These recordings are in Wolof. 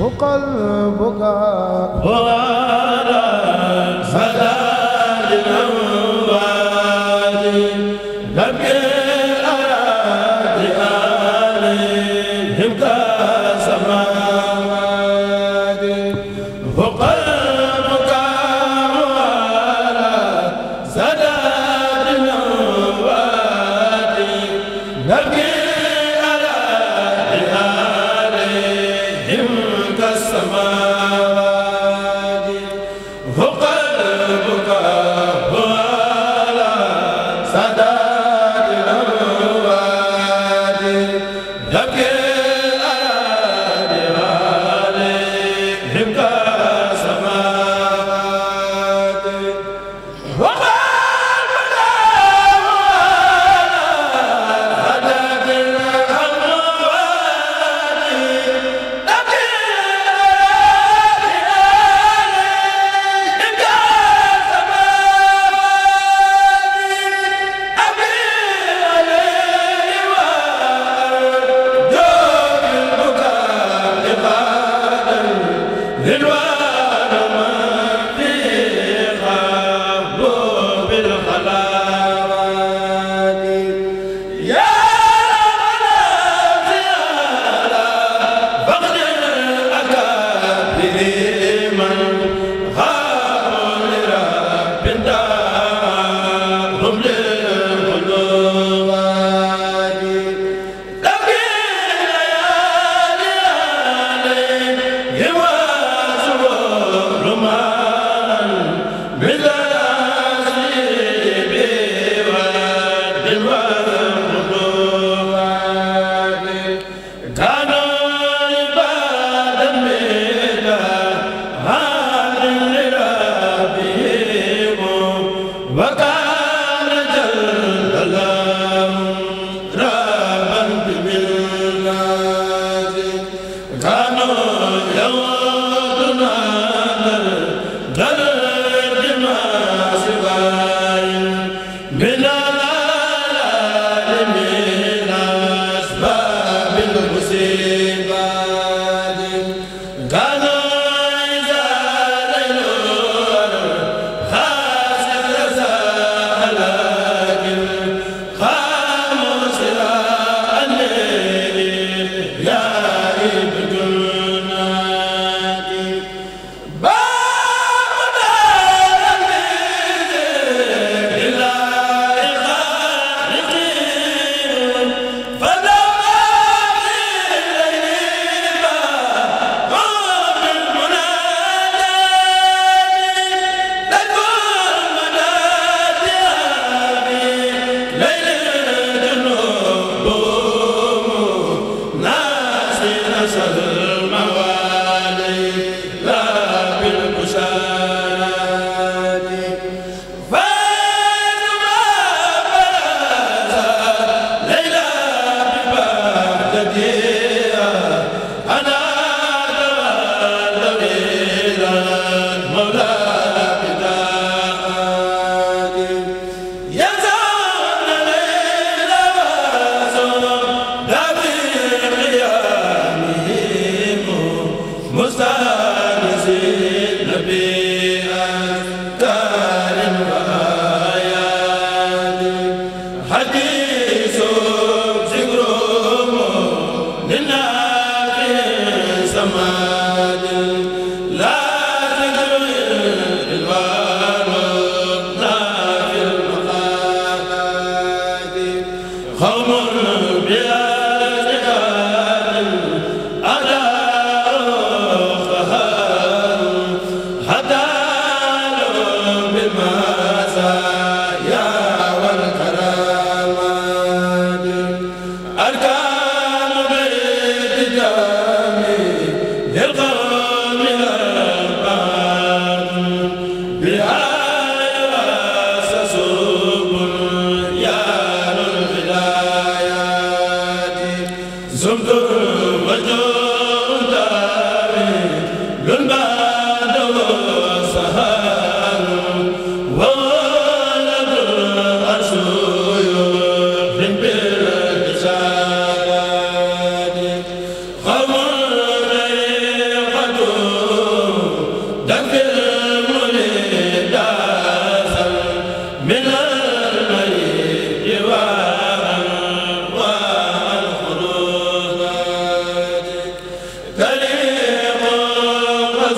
وقلبك هو li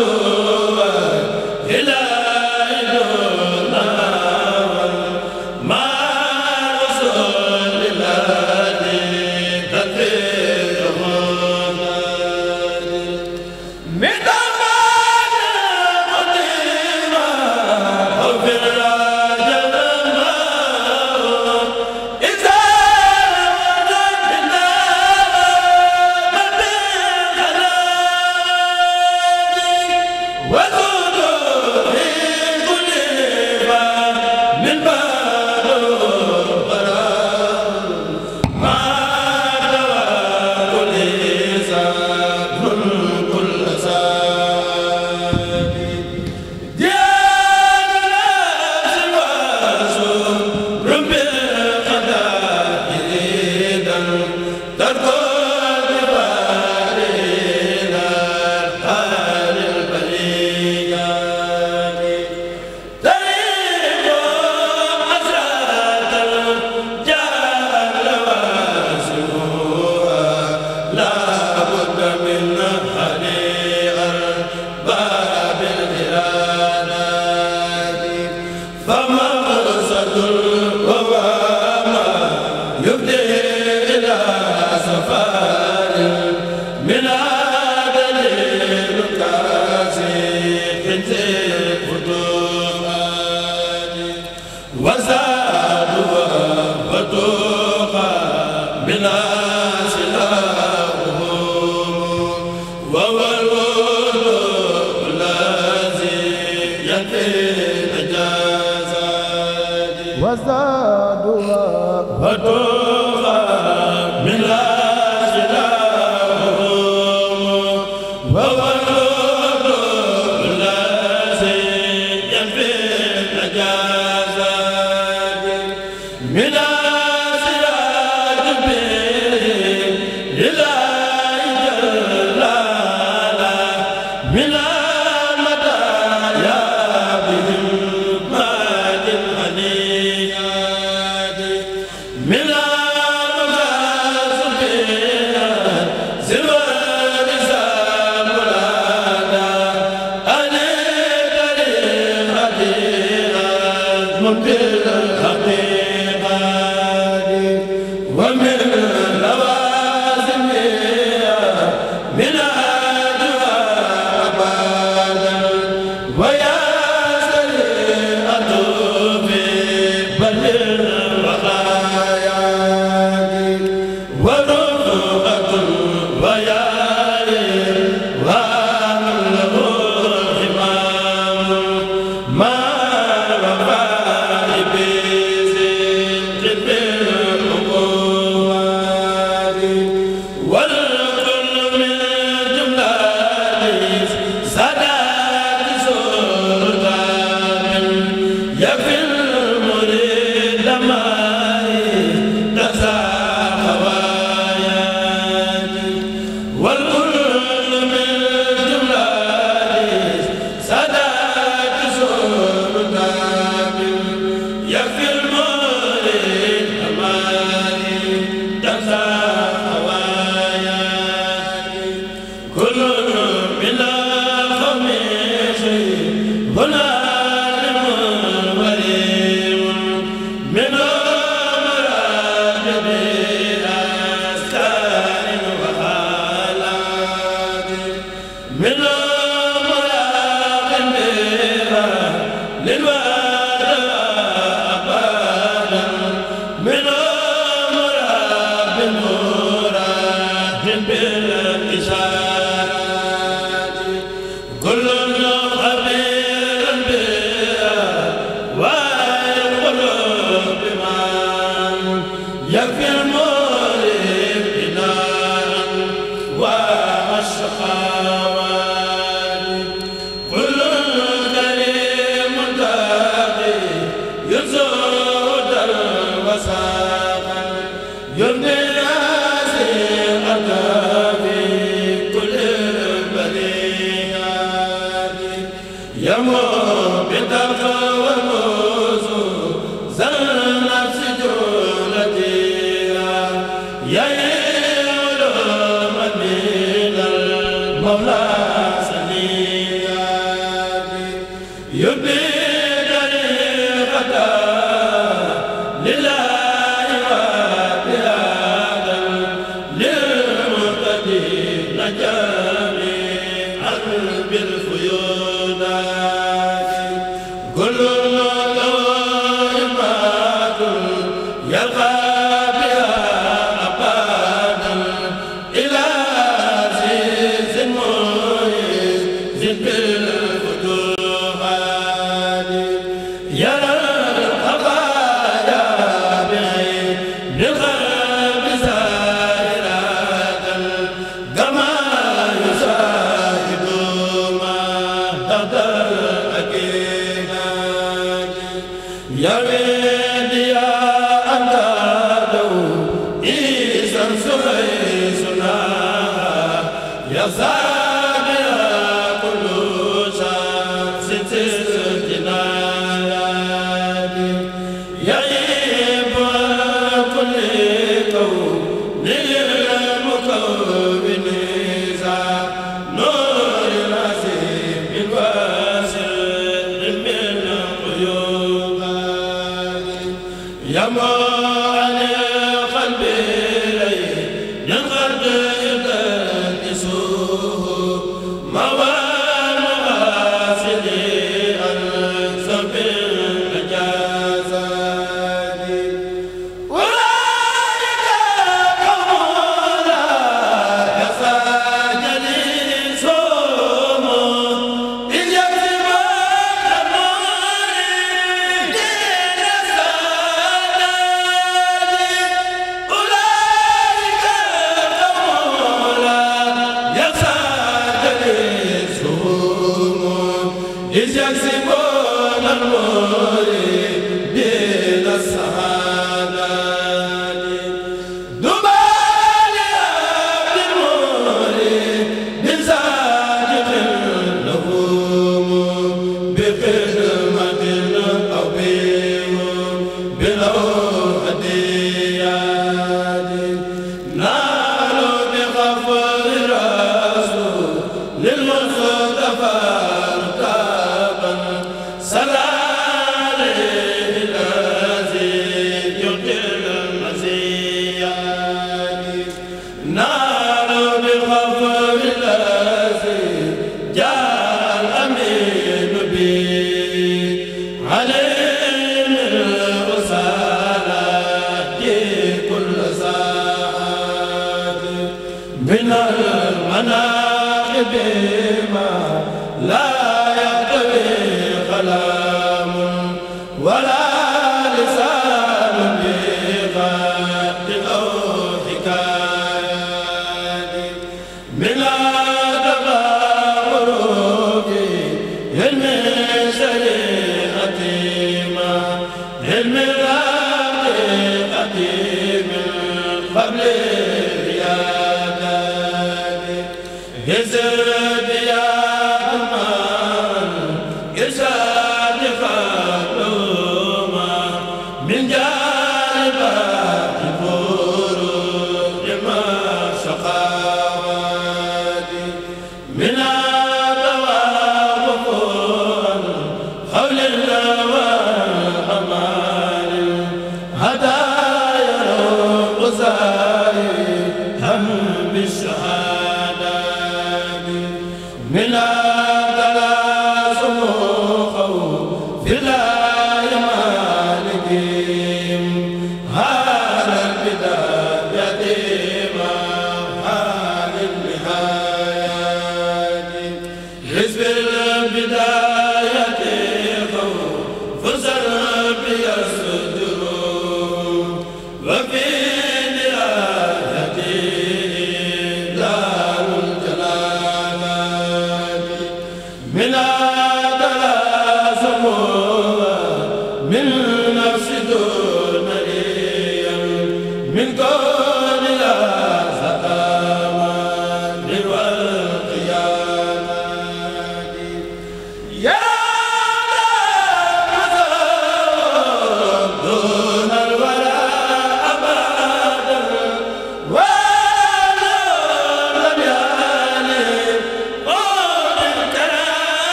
Rasul bila بالخير mila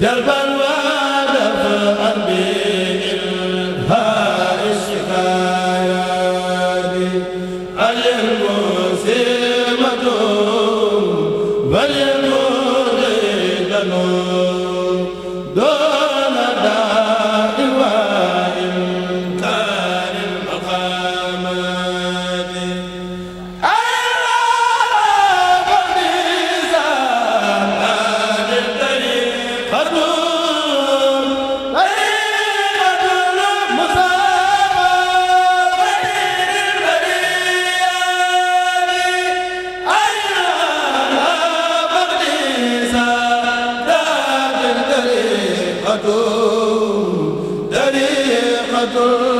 jalban يضر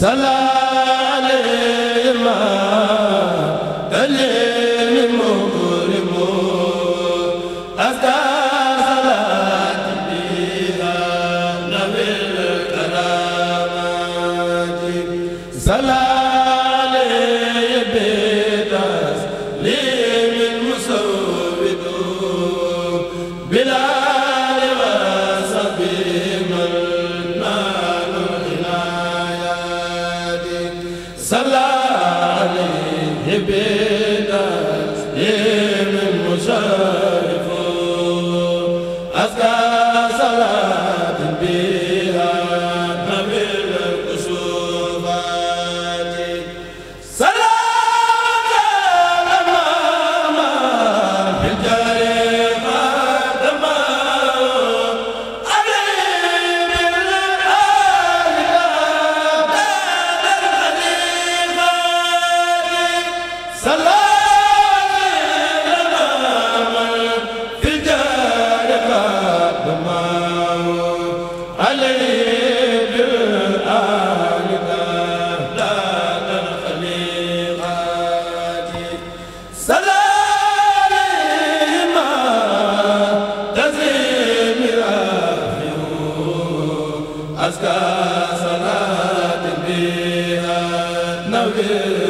salaam salaat bi nawir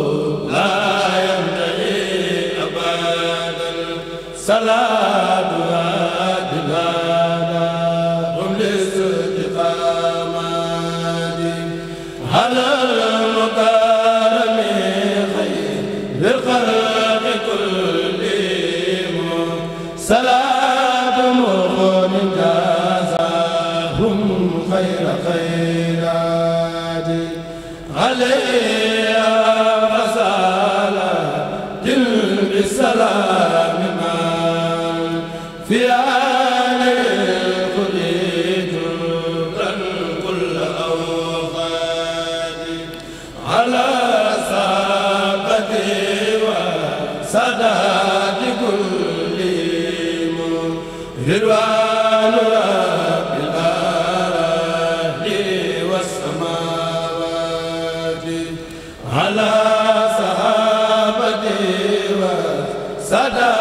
la sada